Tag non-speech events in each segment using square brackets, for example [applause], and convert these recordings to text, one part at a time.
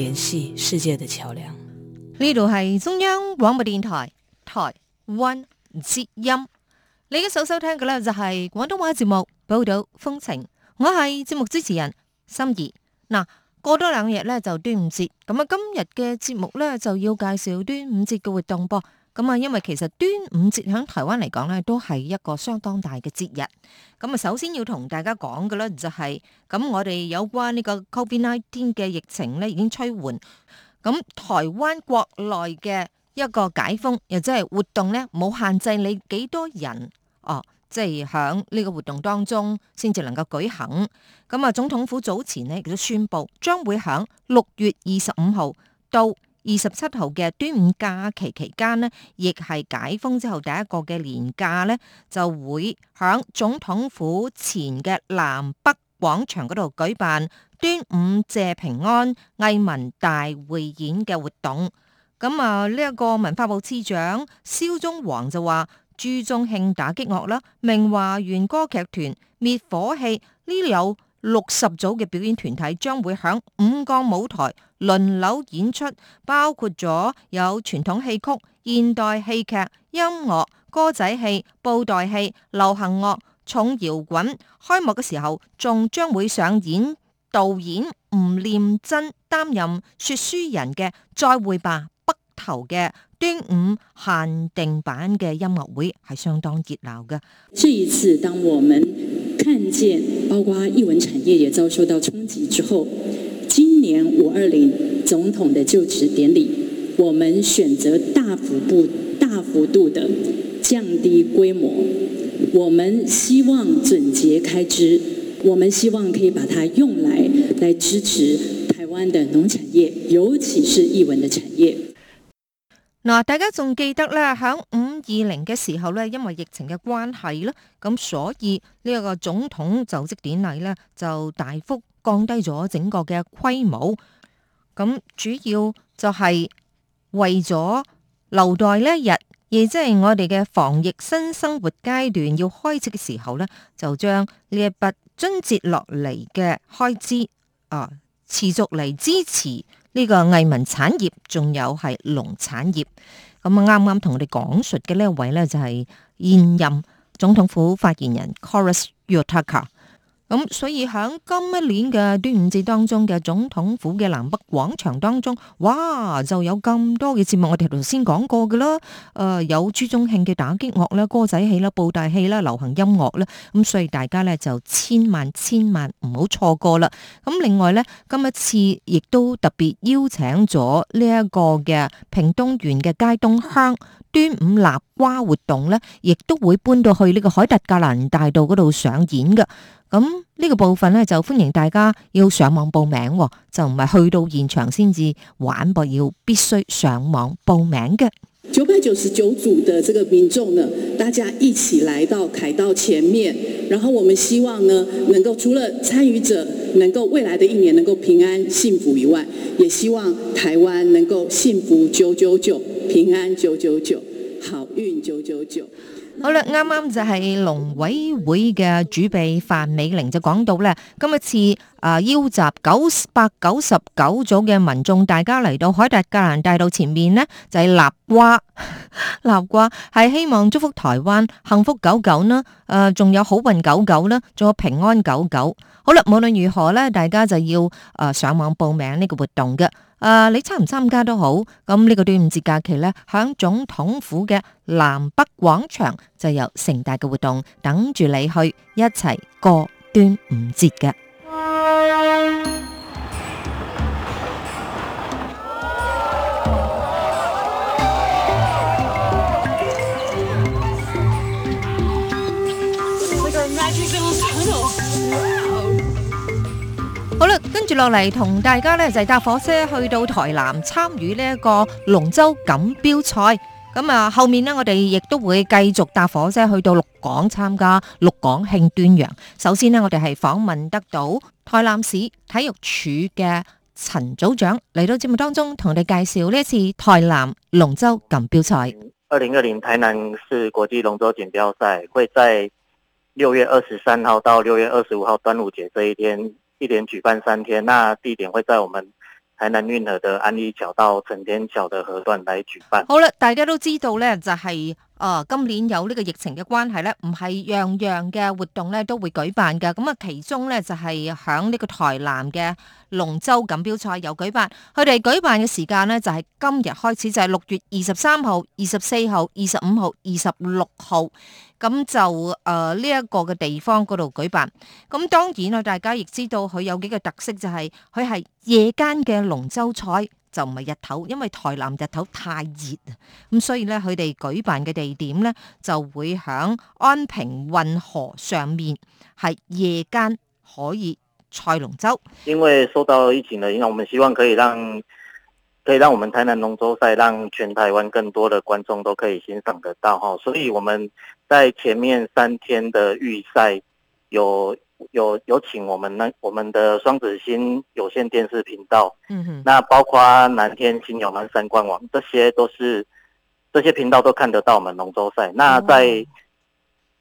聯繫世界的橋樑。呢度係中央廣播電台台灣之音。你而家所收聽嘅咧就係廣東話節目《寶島風情》，我係節目主持人心怡。嗱、啊，過多兩日咧就端午節，咁啊今日嘅節目咧就要介紹端午節嘅活動噃。咁啊，因為其實端午節喺台灣嚟講咧，都係一個相當大嘅節日。咁啊，首先要同大家講嘅咧，就係咁我哋有關呢個 Covid-19 嘅疫情咧，已經趨緩。咁台灣國內嘅一個解封，又即係活動咧，冇限制你幾多人哦，即係喺呢個活動當中先至能夠舉行。咁啊，總統府早前呢亦都宣布將會響六月二十五號到二十七號嘅端午假期期間呢亦係解封之後第一個嘅年假呢就會響總統府前嘅南北廣場嗰度舉辦端午謝平安藝文大匯演嘅活動。咁啊，呢、這、一個文化部次長蕭宗煌就話朱宗慶打擊樂啦，明華園歌劇團滅火器呢有六十組嘅表演團體將會響五個舞台。輪流演出，包括咗有傳統戲曲、現代戲劇、音樂、歌仔戲、布袋戲、流行樂、重搖滾。開幕嘅時候，仲將會上演導演吳念真擔任說書人嘅《再會吧北投》嘅端午限定版嘅音樂會，係相當熱鬧嘅。這一次，當我們看見包括藝文產業也遭受到衝擊之後。年五二零總統的就職典禮，我們選擇大幅度、大幅度的降低規模，我們希望撙節開支，我們希望可以把它用來來支持台灣的農產業，尤其是藝文的產業。嗱，大家仲記得咧，響五二零嘅時候呢，因為疫情嘅關係咧，咁所以呢一個總統就職典禮呢，就大幅。降低咗整個嘅規模，咁主要就係為咗留待呢一日，亦即係我哋嘅防疫新生活階段要開始嘅時候呢，就將呢一筆撙節落嚟嘅開支啊，持續嚟支持呢個藝文產業，仲有係農產業。咁啊，啱啱同我哋講述嘅呢一位呢，就係、是、現任總統府發言人 Kolas Yotaka。咁、嗯、所以響今一年嘅端午節當中嘅總統府嘅南北廣場當中，哇，就有咁多嘅節目我才的，我哋頭先講過噶啦。誒，有朱宗慶嘅打擊樂啦、歌仔戲啦、布袋戲啦、流行音樂啦。咁、嗯、所以大家呢，就千萬千萬唔好錯過啦。咁、嗯、另外呢，今一次亦都特別邀請咗呢一個嘅屏東縣嘅佳冬鄉端午立花活動咧，亦都會搬到去呢個凱達格蘭大道嗰度上演嘅。咁呢個部分呢，就歡迎大家要上網報名，哦，就唔係去到現場先至玩噃，要必須上網報名嘅。九百九十九組的這個民眾呢，大家一起來到凱道前面，然後我們希望呢，能夠除了參與者能夠未來的一年能夠平安幸福以外，也希望台灣能夠幸福九九九，平安九九九。好運九九九，好啦，啱啱就係農委會嘅主秘范美玲就講到啦，今次。啊、呃！邀集九百九十九組嘅民眾，大家嚟到凱達格蘭大道前面呢就係立瓜立瓜，係希望祝福台灣幸福久久呢誒，仲、呃、有好運久久呢仲有平安久久。好啦，無論如何咧，大家就要誒、呃、上網報名呢個活動嘅。誒、呃，你參唔參加都好，咁呢個端午節假期咧，響總統府嘅南北廣場就有盛大嘅活動等住你去一齊過端午節嘅。好啦，跟住落嚟同大家呢就係搭火車去到台南，參與呢一個龍舟錦標賽。咁、嗯、啊，後面咧，我哋亦都會繼續搭火車去到鹿港參加鹿港慶端陽。首先咧，我哋係訪問得到台南市體育處嘅陳組長嚟到節目當中，同我哋介紹呢一次台南龍舟錦標賽。二零二零台南市國際龍舟錦標賽會在六月二十三號到六月二十五號端午節這一天一連舉辦三天，那地點會在我們。台南運河的安億橋到承天橋的河段來舉辦。好啦，大家都知道呢、就是，就係。啊！今年有呢個疫情嘅關係咧，唔係樣樣嘅活動咧都會舉辦嘅。咁啊，其中咧就係響呢個台南嘅龍舟錦標賽有舉辦。佢哋舉辦嘅時間呢，就係、是、今日開始，就係、是、六月二十三號、二十四號、二十五號、二十六號。咁就誒呢一個嘅地方嗰度舉辦。咁當然啦，大家亦知道佢有幾個特色，就是，就係佢係夜間嘅龍舟賽。就唔係日頭，因為台南日頭太熱，咁所以呢，佢哋舉辦嘅地點呢，就會喺安平運河上面，係夜間可以賽龍舟。因為受到疫情嘅影響，我們希望可以讓可以讓我們台南龍舟賽，讓全台灣更多的觀眾都可以欣賞得到。所以我們在前面三天嘅預賽有。有有請我們呢，我們的雙子星有線電視頻道，嗯哼，那包括南天星、鳥南山官網，這些都是這些頻道都看得到我們龍舟賽。那在、嗯哦、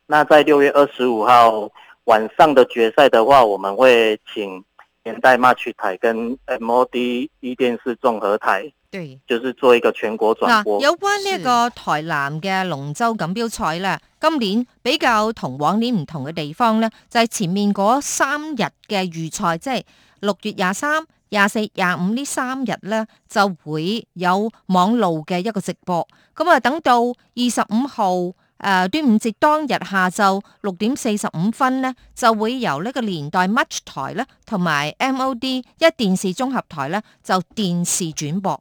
那在六月二十五號晚上的決賽的話，我們會請年代 MUCH 台跟 MOD 一電視綜合台。對，就是做一個全國轉播，啊。有關呢一個台南嘅龍舟錦標賽咧，今年比較同往年唔同嘅地方咧，就係、是、前面嗰三日嘅預賽，即係六月廿三、廿四、廿五呢三日咧，就會有網路嘅一個直播。咁、嗯、啊，等到二十五號誒端午節當日下晝六點四十五分咧，就會由呢個年代 Much 台咧同埋 MOD 一電視綜合台咧就電視轉播。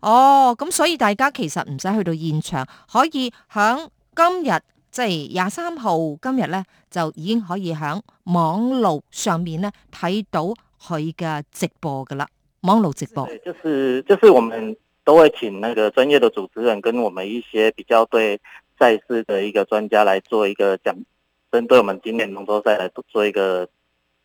哦，咁所以大家其實唔使去到現場，可以響今日即係廿三號今日咧，就已經可以響網絡上面咧睇到佢嘅直播噶啦。網絡直播，對，就是就是我們都會請那個專業的主持人，跟我們一些比較對賽事嘅一個專家來做一個講，針對我們今年龍舟賽嚟做一個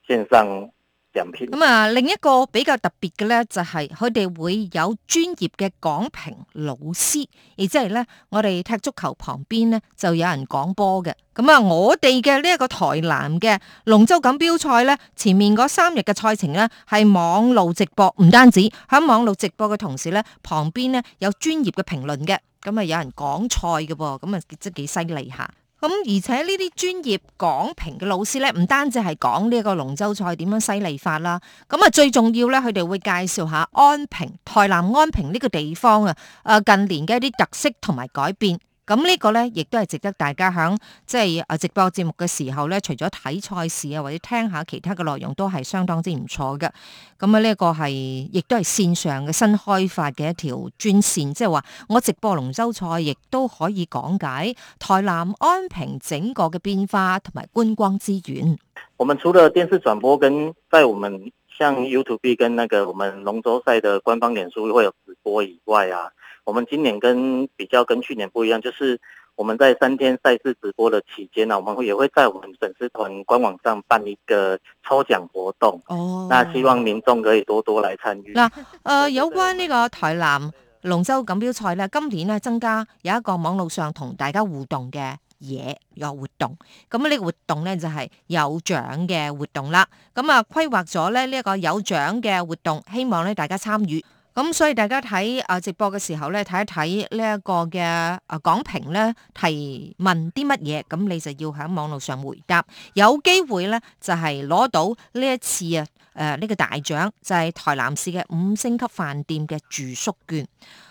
線上。咁啊，另一個比較特別嘅咧，就係佢哋會有專業嘅講評老師，而即係咧，我哋踢足球旁邊咧就有人講波嘅。咁啊，我哋嘅呢一個台南嘅龍舟錦標賽咧，前面嗰三日嘅賽程咧係網路直播，唔單止響網絡直播嘅同時咧，旁邊咧有專業嘅評論嘅，咁啊有人講賽嘅噃，咁啊即係幾犀利下。咁、嗯、而且呢啲專業講評嘅老師咧，唔單止係講呢一個龍舟賽點樣犀利法啦，咁啊最重要咧，佢哋會介紹下安平、台南安平呢個地方啊，誒近年嘅一啲特色同埋改變。咁呢個呢，亦都係值得大家響即係直播節目嘅時候呢，除咗睇賽事啊，或者聽下其他嘅內容，都係相當之唔錯嘅。咁啊，呢個係亦都係線上嘅新開發嘅一條專線，即係話我直播龍舟賽，亦都可以講解台南安平整個嘅變化同埋觀光資源。我們除了電視轉播，跟在我們像 YouTube 跟那個我們龍舟賽的官方臉書會有直播以外啊。我們今年跟比較跟去年不一樣，就是我們在三天賽事直播的期間呢，我們也會在我們粉絲團官網上辦一個抽獎活動。哦，那希望民眾可以多多來參與。嗱，誒、呃，有關呢個台南龍舟錦標賽呢，今年咧增加有一個網絡上同大家互動嘅嘢有個活動，咁呢個活動呢就係、是、有獎嘅活動啦。咁啊規劃咗咧呢個有獎嘅活動，希望咧大家參與。咁所以大家睇啊直播嘅時候咧，睇一睇呢一個嘅啊講評咧，提問啲乜嘢，咁你就要喺網絡上回答。有機會咧就係攞到呢一次啊誒呢個大獎，就係台南市嘅五星級飯店嘅住宿券。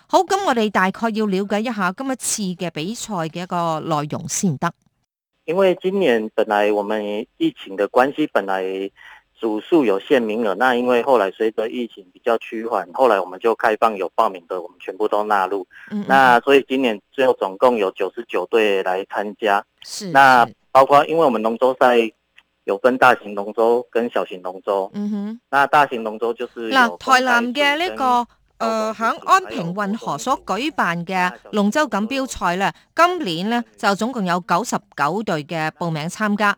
好，咁我哋大概要了解一下今一次嘅比賽嘅一個內容先得。因為今年本來我們疫情嘅關係，本來。組數有限名額，那因為後來隨着疫情比較趨緩，後來我們就開放有報名的，我們全部都納入嗯嗯。那所以今年最後總共有九十九隊來參加。是，是，那包括因為我們龍舟賽有分大型龍舟跟小型龍舟。嗯哼。那大型龍舟就是。嗱、嗯，台南嘅呢、這個，呃，響安平運河所舉辦嘅龍舟錦標賽咧，今年呢就總共有九十九隊嘅報名參加。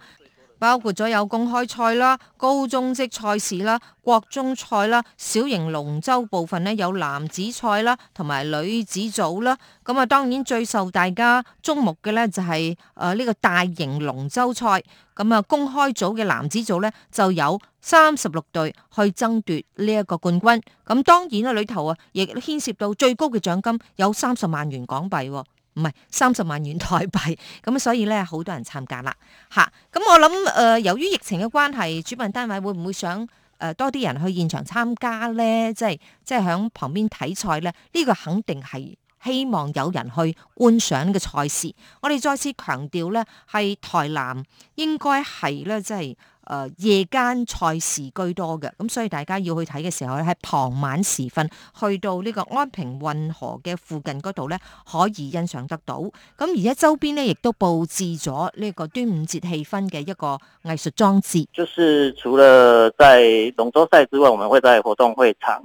包括咗有公開賽啦、高中職賽事啦、國中賽啦、小型龍舟部分咧有男子賽啦同埋女子組啦。咁啊，當然最受大家矚目嘅咧就係誒呢個大型龍舟賽。咁啊，公開組嘅男子組咧就有三十六隊去爭奪呢一個冠軍。咁當然啊，裏頭啊亦牽涉到最高嘅獎金有三十萬元港幣喎。唔係三十萬元台幣，咁所以咧好多人參加啦吓，咁、啊、我諗誒、呃，由於疫情嘅關係，主辦單位會唔會想誒、呃、多啲人去現場參加咧？即係即係喺旁邊睇賽咧？呢、這個肯定係。希望有人去觀賞嘅賽事，我哋再次強調咧，係台南應該係咧，即係、呃、夜間賽事居多嘅，咁所以大家要去睇嘅時候咧，喺傍晚時分去到呢個安平運河嘅附近嗰度咧，可以欣賞得到。咁而且周邊咧，亦都布置咗呢個端午節氣氛嘅一個藝術裝置。就是除了在龍舟賽之外，我們會在活動會場。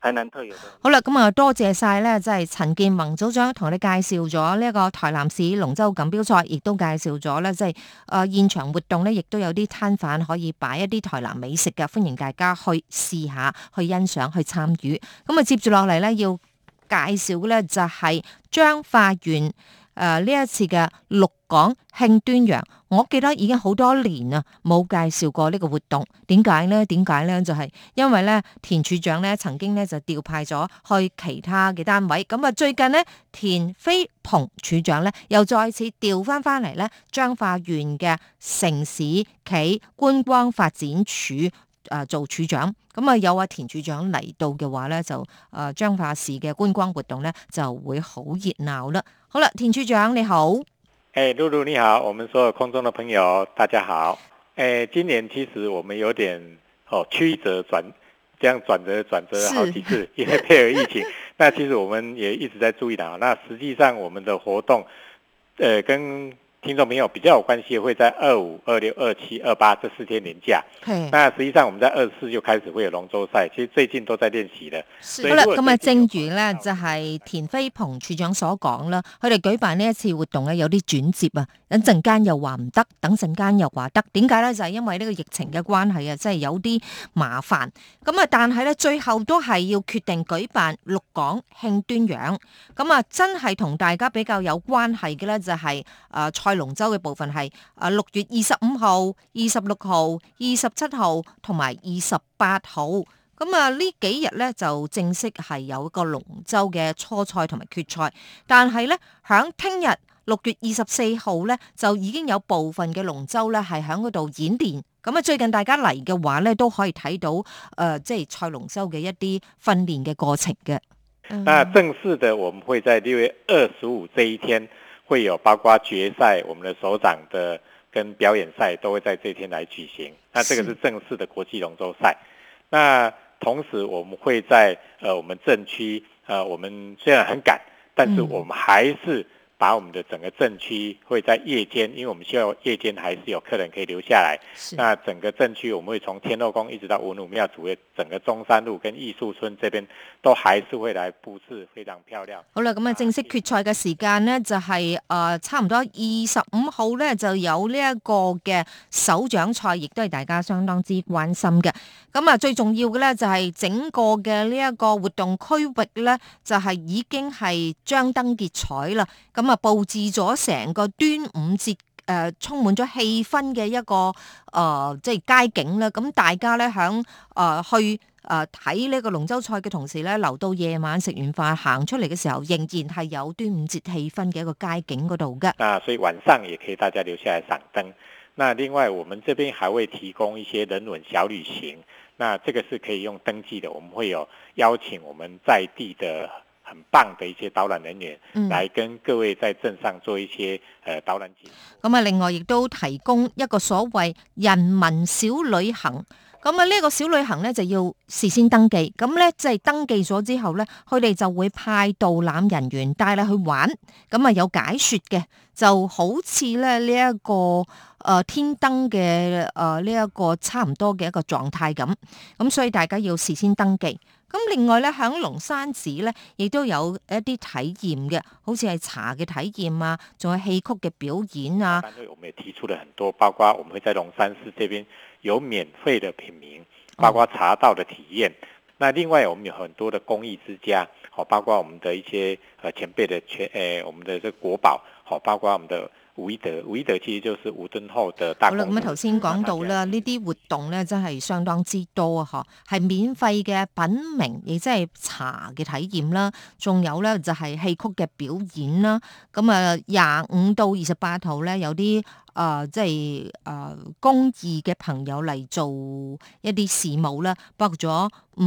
係，好啦，咁啊多謝晒咧，即係陳建宏組長同你介紹咗呢一個台南市龍舟錦標賽，亦都介紹咗咧，即係誒現場活動咧，亦都有啲攤販可以擺一啲台南美食嘅，歡迎大家去試下，去欣賞，去參與。咁啊，接住落嚟咧要介紹咧就係彰化縣誒呢一次嘅鹿港慶端陽。我記得已經好多年啦，冇介紹過呢個活動。點解咧？點解咧？就係因為咧，田處長咧曾經咧就調派咗去其他嘅單位。咁啊，最近咧，田飛鵬處長咧又再次調翻翻嚟咧，彰化縣嘅城市企觀光發展處啊做處長。咁啊，有阿田處長嚟到嘅話咧，就誒彰化市嘅觀光活動咧就會好熱鬧啦。好啦，田處長你好。哎、欸，露露你好，我們所有空中的朋友，大家好。哎、欸，今年其實我們有點哦曲折轉，這樣轉折轉折了好幾次，因為配合疫情。 [laughs] 那其實我們也一直在注意的、啊、那實際上我們的活動，呃，跟。聽眾朋友比較有關係會在二五、二六、二七、二八這四天連假。係，那實際上我們在二四就開始會有龍舟賽，其實最近都在練習咧。好啦，咁啊，正如咧就係田飛鵬處長所講啦，佢哋舉辦呢一次活動咧有啲轉折啊，等陣間又話唔得，等陣間又話得，點解咧？就係、是、因為呢個疫情嘅關係啊，真、就、係、是、有啲麻煩。咁啊，但係咧最後都係要決定舉辦鹿港慶端陽。咁啊，真係同大家比較有關係嘅咧就係、是、誒。呃賽龍舟嘅部分係誒六月二十五號、二十六號、二十七號同埋二十八號，咁啊呢幾日咧就正式係有一個龍舟嘅初賽同埋決賽，但係咧響聽日六月二十四號咧就已經有部分嘅龍舟咧係響嗰度演練，咁啊最近大家嚟嘅話咧都可以睇到誒即係賽龍舟嘅一啲訓練嘅過程嘅。那正式嘅，我們會在六月二十五這一天。會有包括決賽、我們的首長的跟表演賽，都會在這天來舉行。那這個是正式的國際龍舟賽。那同時，我們會在呃，我們鎮區，呃，我們雖然很趕，但是我們還是。把我們的整個鎮區會在夜間，因為我們需要夜間還是有客人可以留下來。那整個鎮區我們會從天后宮一直到文武廟，主要整個中山路跟藝術村這邊都還是會來佈置非常漂亮。好啦，咁啊，正式決賽嘅時間咧就係、是、誒、呃、差唔多二十五號咧就有呢一個嘅首獎賽，亦都係大家相當之關心嘅。咁啊，最重要嘅咧就係整個嘅呢一個活動區域咧就係已經係張燈結綵啦。咁咁啊，布置咗成個端午節誒、呃，充滿咗氣氛嘅一個誒，即、呃、係、就是、街景啦，咁大家咧響誒去誒睇、呃、呢個龍舟賽嘅同時咧，留到夜晚食完飯行出嚟嘅時候，仍然係有端午節氣氛嘅一個街景嗰度嘅，啊，所以晚上也可以大家留下來賞燈。那另外，我們這邊還會提供一些人文小旅行。那這個是可以用登記的，我們會有邀請我們在地的。很棒嘅一些導覽人員、嗯、來跟各位在鎮上做一些誒、呃、導覽節目。咁、嗯、啊，另外亦都提供一個所謂人民小旅行。咁啊，呢個小旅行咧就要事先登記。咁咧即係登記咗之後咧，佢哋就會派導覽人員帶你去玩。咁啊，有解說嘅，就好似咧呢一個誒、呃、天燈嘅誒呢一個差唔多嘅一個狀態咁。咁所以大家要事先登記。咁另外咧，響龍山寺咧，亦都有一啲體驗嘅，好似係茶嘅體驗啊，仲有戲曲嘅表演啊。我們也提出了很多，包括我們會在龍山寺這邊有免費的品茗，包括茶道嘅體驗，那另外，我們有很多的公益之家，好包括我們的一些，呃，前輩的全，呃，我們的這國寶，好包括我們的。吳一德，吳一德其實就是吳敦厚的大哥。好啦，咁、嗯、啊，頭先講到啦，呢啲活動咧真係相當之多啊！嗬，係免費嘅品茗，亦即係茶嘅體驗啦，仲有咧就係戲曲嘅表演啦。咁啊，廿五到二十八號咧有啲啊，即係啊，公義嘅朋友嚟做一啲事務啦，包括咗吳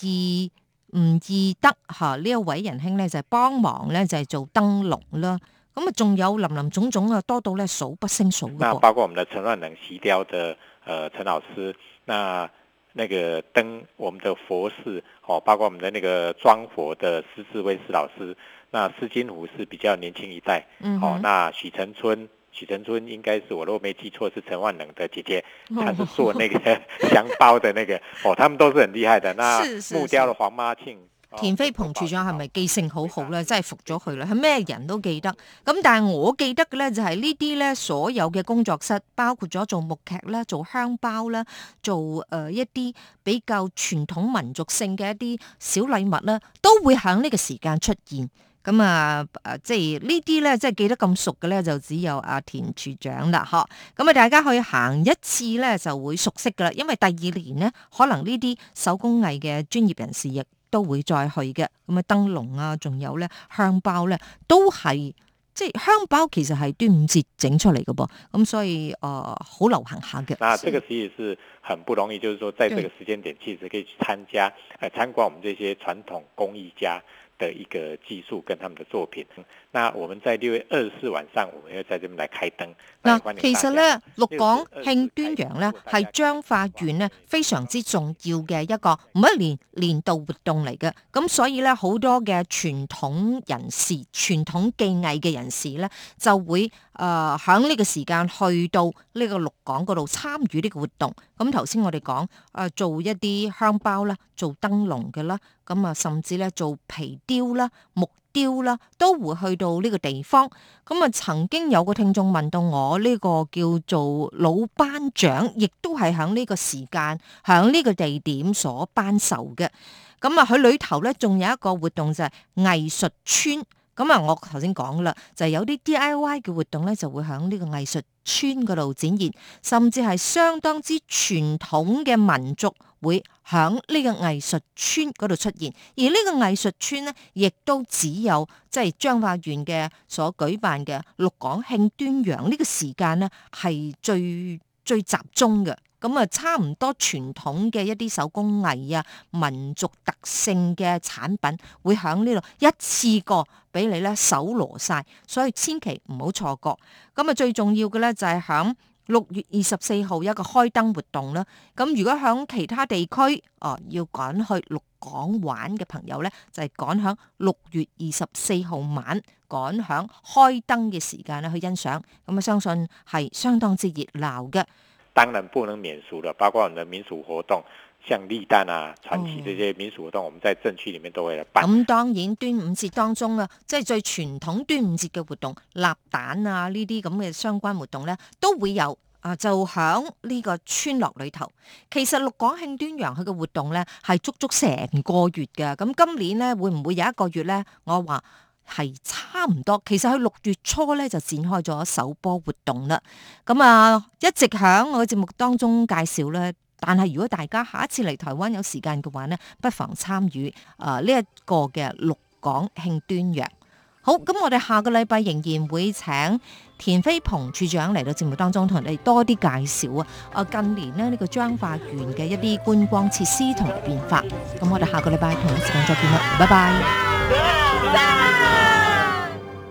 義吳義德吓呢一位仁兄咧就係、是、幫忙咧就係、是、做燈籠啦。咁啊，仲有林林總總啊，多到咧數不勝數。那包括我們的陳萬能錫雕的，誒、呃，陳老師，那那個燈，我們的佛事，哦，包括我們的那個裝佛的施至輝施老師，那施金虎是比較年輕一代，嗯哦、那許陳春，許陳春應該是我如果沒記錯，是陳萬能的姐姐，她是做那個、哦、香包的，那個哦，他們都是很厲害的。 [laughs] 那木雕的黃媽慶。是是是。田飛蓬處長係咪記性好好咧？真係服咗佢啦！係咩人都記得。咁但係我記得嘅咧就係呢啲咧，所有嘅工作室，包括咗做木劇啦、做香包啦、做一啲比較傳統民族性嘅一啲小禮物啦，都會喺呢個時間出現。咁啊，即係呢啲咧，即係記得咁熟嘅咧，就只有阿田處長啦。嗬！咁啊，大家去行一次咧，就會熟悉噶啦。因為第二年咧，可能呢啲手工藝嘅專業人士亦都會再去嘅，咁啊燈籠啊，仲有咧香包咧，都係即係香包，其實係端午節整出嚟嘅噃，咁所以誒好、呃、流行下嘅。那這個其實是很不容易，就是說在這個時間點，其實可以去參加誒參觀我們這些傳統工藝家。的一個技術跟他們的作品，那我們在六月二十四晚上，我們要在這邊來開燈。嗱，其實呢，鹿港慶端陽呢係彰化縣咧非常之重要嘅一個唔，一年年度活動嚟嘅，咁所以呢，好多嘅傳統人士、傳統技藝嘅人士呢就會。誒喺呢個時間去到呢個鹿港嗰度參與呢個活動，咁頭先我哋講誒做一啲香包啦，做燈籠嘅啦，咁啊甚至咧做皮雕啦、木雕啦，都會去到呢個地方。咁啊曾經有個聽眾問到我呢、呢個叫做老班長，亦都係喺呢個時間、喺呢個地點所頒授嘅。咁啊佢裏頭咧仲有一個活動就係藝術村。咁啊！我頭先講啦，就係有啲 D I Y 嘅活動咧，就會喺呢個藝術村嗰度展現，甚至係相當之傳統嘅民族會響呢個藝術村嗰度出現，而呢個藝術村咧，亦都只有即係彰化縣嘅所舉辦嘅鹿港慶端陽呢個時間咧，係最最集中嘅。咁啊，差唔多傳統嘅一啲手工藝啊、民族特性嘅產品，會喺呢度一次過俾你咧搜羅晒，所以千祈唔好錯過。咁啊，最重要嘅咧就係喺六月二十四號一個開燈活動啦。咁如果喺其他地區，哦要趕去鹿港玩嘅朋友咧，就係、是、趕喺六月二十四號晚，趕喺開燈嘅時間咧去欣賞。咁啊，相信係相當之熱鬧嘅。當然不能免俗的，包括我們的民俗活動，像立蛋啊、傳奇這些民俗活動，哦、我們在鎮區裏面都會來辦。咁當然，端午節當中啊，即係最傳統端午節嘅活動，立蛋啊呢啲咁嘅相關活動呢，都會有啊，就響呢個村落裏頭。其實鹿港慶端陽佢嘅活動呢，係足足成個月嘅。咁今年呢，會唔會有一個月呢？我話。係差唔多，其實喺六月初咧就展開咗首波活動啦。咁啊，一直響我嘅節目當中介紹咧。但係如果大家下一次嚟台灣有時間嘅話呢，不妨參與誒呢一個嘅鹿港慶端陽。好，咁我哋下個禮拜仍然會請田飛鵬處長嚟到節目當中同你哋多啲介紹啊。啊，近年呢，呢、這個彰化縣嘅一啲觀光設施同埋變化。咁我哋下個禮拜同一時間再見啦，拜拜。